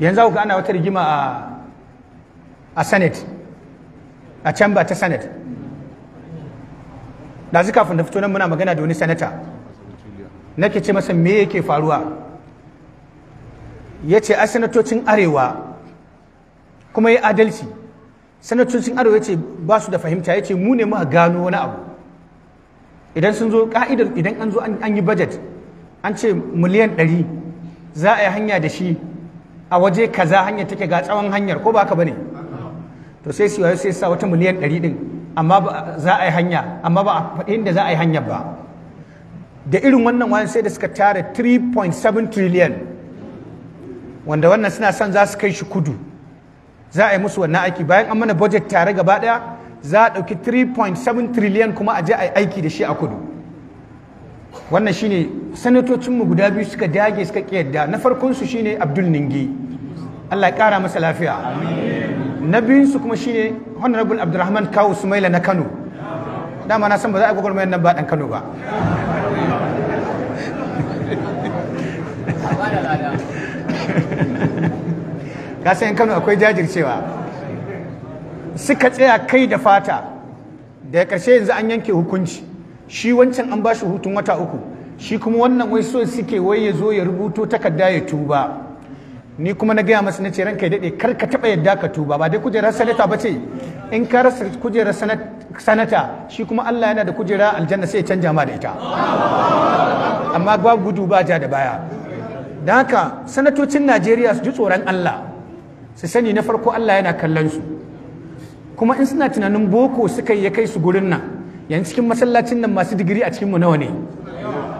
yanzu auka ana wata rigima a a senate a chamber ta senate da zika kafin da fito nan muna magana da wani senator nake ce masa me yake faruwa ya ce a sanatocin arewa kuma ya adalci sanatocin arewa ya ce ba su da fahimta ya ce mu ne muka gano wani abu idan sun zo ka'idar idan an zo an yi budget an ce miliyan 100 za a yi hanya da shi a waje kaza hanyar take ga tsawon hanyar ko ba haka bane to sai su sai sa wata miliyan ɗari din amma ba za a yi hanya amma ba a faɗi inda za a yi hanyar ba da irin wannan wani sai da suka tara 3.7 trillion wanda wannan suna son za su kai shi kudu za a yi musu wannan aiki bayan an mana budget tare gaba ɗaya za a ɗauki 3.7 trillion kuma a je a yi aiki da shi a kudu wannan shine sanatocinmu guda biyu suka dage suka kiyarda na farkonsu shine abdul ningi allah kara masa lafiya na biyunsu kuma shine honorable abdulrahman kawo sumaila na kano dama na san ba za a mayan nan ba dan kano ba kasayin kano akwai jajircewa suka tsaya kai da fata da ya karshe yanzu an yanke hukunci shi wancan an bashi hutun wata uku shi kuma wannan wai so suke wai ya zo ya rubuto takarda ya tuba ni kuma na gaya masa ce ranka ya daɗe kar ka taɓa yadda ka tuba ba dai kujerar sanata ba ce in ka rasa kujerar sanata shi kuma Allah yana da kujera aljanna sai ya canja ma da ita amma babu gudu ba ja da baya da haka sanatocin Najeriya su ji tsoron Allah su sani na farko Allah yana kallon su kuma in suna tunanin boko suka yi ya kai su gurin nan yanzu cikin masallacin nan masu digiri a cikinmu nawa ne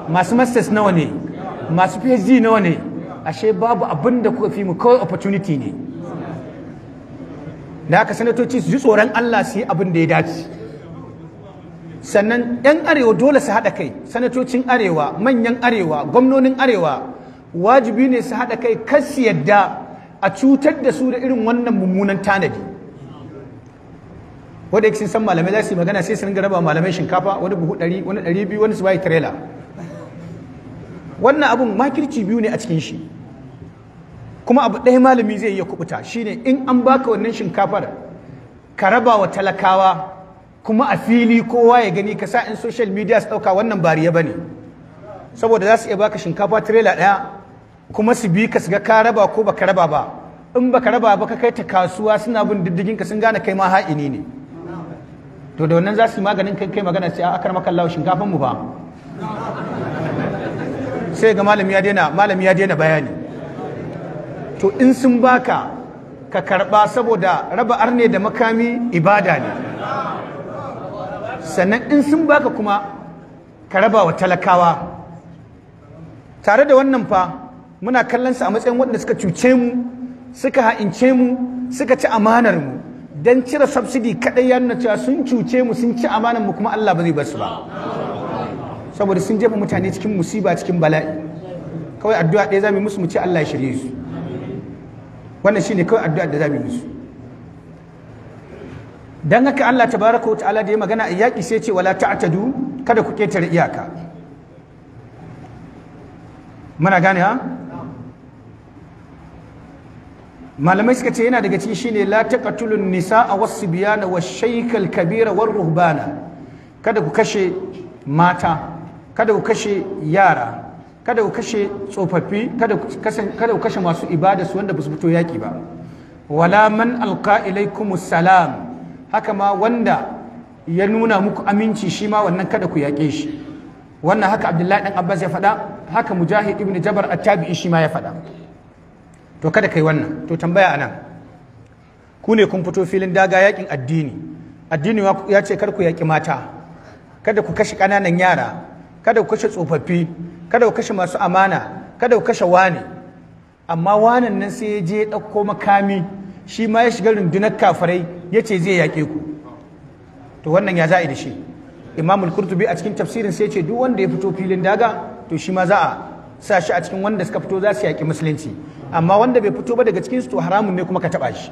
masu masters nawa ne masu phd nawa ne ashe babu abin da kuka fi mu kawai opportunity ne da haka sanatoci su ji tsoron allah su yi abin da ya dace sannan 'yan arewa dole su haɗa kai sanatocin arewa manyan arewa gwamnonin arewa wajibi ne su haɗa kai kas yadda a cutar da su da irin wannan mummunan tanadi ko da sun san malamai za su yi magana sai su ringa raba malamai shinkafa wani buhu ɗari wani ɗari biyu wani su bayi tirela wannan abun makirci biyu ne a cikin shi kuma abu ɗaya malami zai iya kubuta shine in an baka wannan shinkafar ka raba wa talakawa kuma a fili kowa ya gani ka sa in social media su ɗauka wannan bariya ba ne saboda za su iya baka shinkafa tirela ɗaya kuma su bi ka ga ka raba ko baka raba ba in baka raba ba ka kai ta kasuwa suna bin diddigin ka sun gane kai ma ha'ini ne to da wannan za su yi maganin kai kai magana sai a maka Allah shinkafin mu fa sai ga malami ya daina malami ya daina bayani to in sun baka ka karba saboda raba arne da makami ibada ne sannan in sun baka kuma ka raba wa talakawa tare da wannan fa muna kallon sa a matsayin wanda suka cuce mu suka ha'ince mu suka ci amanar mu Don cire subsidy kadai ya cewa sun cuce mu sun ci amanan mu kuma Allah ba zai bar su ba saboda sun jefa mutane cikin musiba cikin bala'i kawai addu'a ɗaya zamu musu mu ce Allah ya shirye su wannan shine kawai addu'a da zamu musu dan haka Allah tabaraka wa ta'ala da ya magana a sai ce wala ta'tadu kada ku ketare iyaka muna gane malamai suka ce yana daga cikin shine la a wasu was-sibyana wa shaikal kabira wa ruhbana kada ku kashe mata kada ku kashe yara kada ku kashe tsofaffi kada ku kashe masu ibada su wanda ba su fito yaki ba wala man alqa ilaykumus salam haka ma wanda ya nuna muku aminci shi ma wannan kada ku yaƙe shi wannan haka abdullahi dan abbas ya faɗa haka mujahid ibn jabar at-tabi'i shi ma ya faɗa to kada kai wannan to tambaya anan ku ne kun fito filin daga yakin addini addini ya ce kar ku yaki mata kada ku kashe ƙananan yara kada ku kashe tsofaffi kada ku kashe masu amana kada ku kashe wani amma wanan nan sai ya je ɗauko makami shi ma ya shiga rundunar kafarai, ya ce zai yaƙe ku to wannan ya za'i da shi imamul kurtubi a cikin tafsirin sai ce duk wanda ya fito filin daga to shi ma za sa shi a cikin wanda suka fito za su yaƙi musulunci amma wanda bai fito ba daga cikin su to haramun ne kuma ka taɓa shi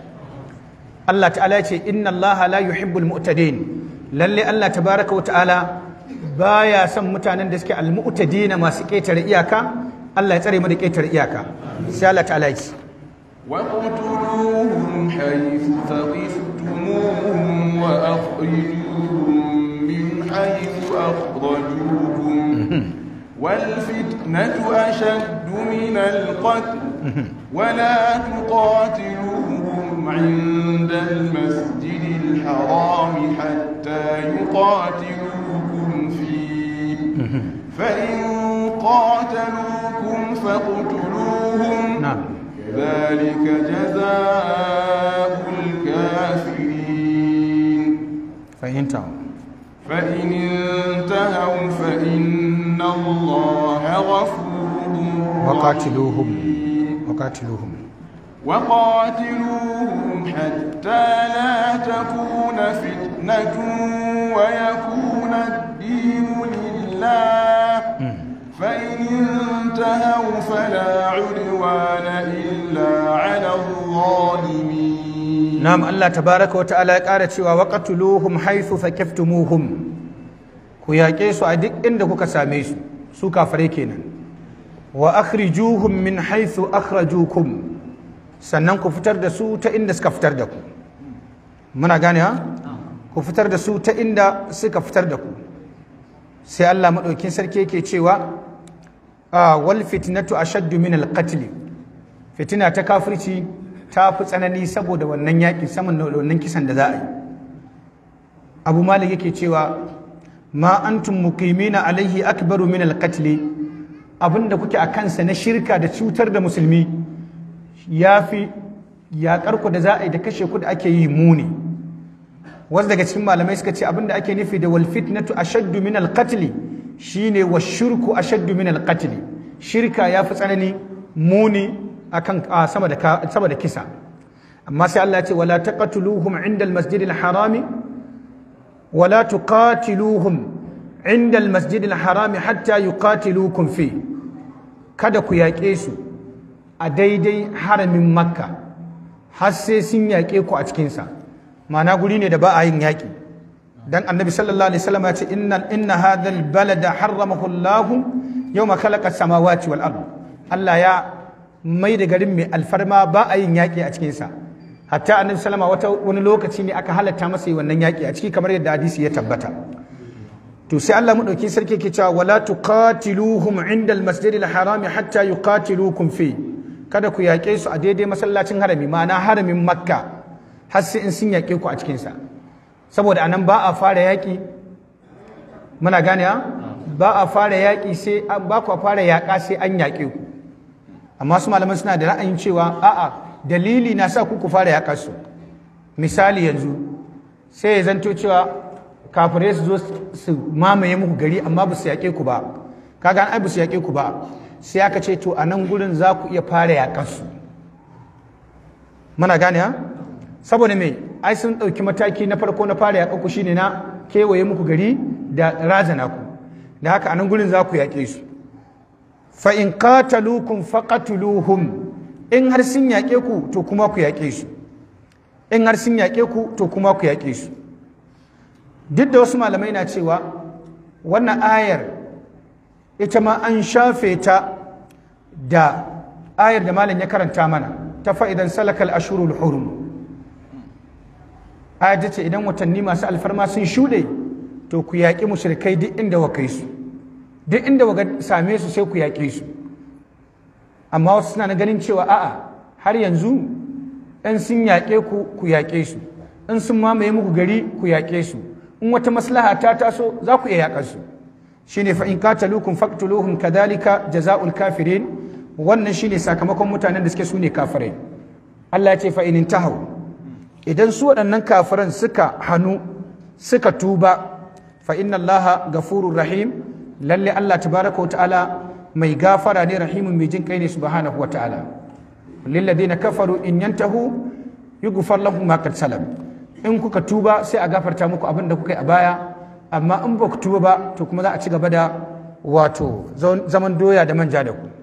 Allah ta'ala ce inna Allah la yuhibbul mu'tadin lalle Allah tabaraka wa ta'ala baya son mutanen da suke al masu ƙetare iyaka Allah ya tsare mu da ƙetare iyaka sai Allah ta'ala ya ce wa qutuluhum haythu taqistumuhum wa akhrijuhum min haythu akhrajuhum والفتنة أشد من القتل ولا تقاتلوهم عند المسجد الحرام حتى يقاتلوكم فيه فإن قاتلوكم فاقتلوهم نعم ذلك جزاء الكافرين فإن انتهوا فإن انتهوا فإن inna allaha ghafurun waqatiluhum waqatiluhum وقاتلوهم حتى لا تكون فتنة ويكون الدين لله فإن انتهوا فلا عدوان إلا على الظالمين نعم الله تبارك وتعالى قال وقتلوهم حيث ثكفتموهم ku yaƙe su a duk inda kuka same su su kafare kenan wa akhrijuhum min haythu akhrajukum sannan ku fitar da su ta inda suka fitar da ku muna gane ha ku fitar da su ta inda suka fitar da ku sai Allah maɗaukin sarki yake cewa wal fitnatu ashaddu min al fitina ta kafirci ta fi tsanani saboda wannan yaƙi saman wannan kisan da za a yi abu malik yake cewa ma antum muqimina alaihi akbaru min alqatl abinda kuke a kansa na shirka da cutar da musulmi yafi yaƙar ku da za a yi da kashe ku da ake yi muni wasu daga cikin malamai suka ce abinda ake nufi da wal fitnatu ashaddu min alqatl shine wa shirku ashaddu min alqatl shirka yafi tsanani muni akan sama da sama da kisa amma sai Allah ya ce wala taqatuluhum inda almasjidil harami ولا تقاتلوهم عند المسجد الحرام حتى يقاتلوكم فيه kada ku yaƙe su a daidai haramin makka har sai sun yaƙe ku a cikinsa ma'ana guri ne da ba a yin yaƙi dan annabi sallallahu alaihi wasallam ya ce inna inna hadhal balada harramahu Allah yawma khalaqa samawati wal ard Allah ya mai da garin mai alfarma ba a yin yaƙi a cikinsa hatta annabi sallama wata wani lokaci ne aka halatta masa yi wannan yaƙi a ciki kamar yadda hadisi ya tabbata to sai Allah madauki sarki ke cewa wala tuqatiluhum inda al-masjidil harami hatta yuqatilukum fi kada ku yaƙe su a daidai masallacin harami ma'ana haramin makka har sai in sun yaƙe ku a cikinsa saboda anan ba a fara yaƙi muna gane ah? ba a fara yaƙi sai ba ku fara yaƙa sai an yaƙe ku amma su malaman suna da ra'ayin cewa a'a dalili na sa kuku fara ya kasu misali yanzu sai ya zanto cewa kafirai su zo su mamaye muku gari amma ba su yaƙe ku ba kaga an aibu su yaƙe ku ba sai aka ce to a nan gurin za ku iya fara ya kasu muna gane ha saboda me ai sun ɗauki mataki na farko na fara ya ku shine na kewaye muku gari da razana ku da haka a nan gurin za ku yaƙe su fa in qataluukum faqatuluhum in har sun yaƙe ku to kuma ku yaƙe su in har sun yaƙe ku to kuma ku yaƙe su duk da wasu malamai na cewa wannan ayar ita ma an shafe ta da ayar da malam ya karanta mana ta fa'idan salakal ashurul hurum ayar ce idan watanni masu alfarma sun shuɗe to ku yaƙi mushrikai duk inda wa kai su duk inda wa same su sai ku yaƙe su amma wasu suna na ganin cewa a'a har yanzu in sun yaƙe ku ku yaƙe su in sun mamaye muku gari ku yaƙe su in wata maslaha ta taso za ku iya yaƙar su shine fa in qataluukum faqtuluhum kadhalika jazaa'ul kafirin wannan shine sakamakon mutanen da suke sune kafirai Allah ya ce fa in intahu idan su waɗannan kafiran suka hannu suka tuba fa inna allaha ghafurur rahim lalle Allah tabaraka wa ta'ala mai gafara ne rahimun mai jin kai ne subhanahu wa ta'ala lil na kafaru in yantahu yughfar lahum ma qad salam in kuka tuba sai a gafarta muku abin da kuka yi a baya amma in ba ku tuba ba to kuma za a ci gaba da wato zaman doya da manja da ku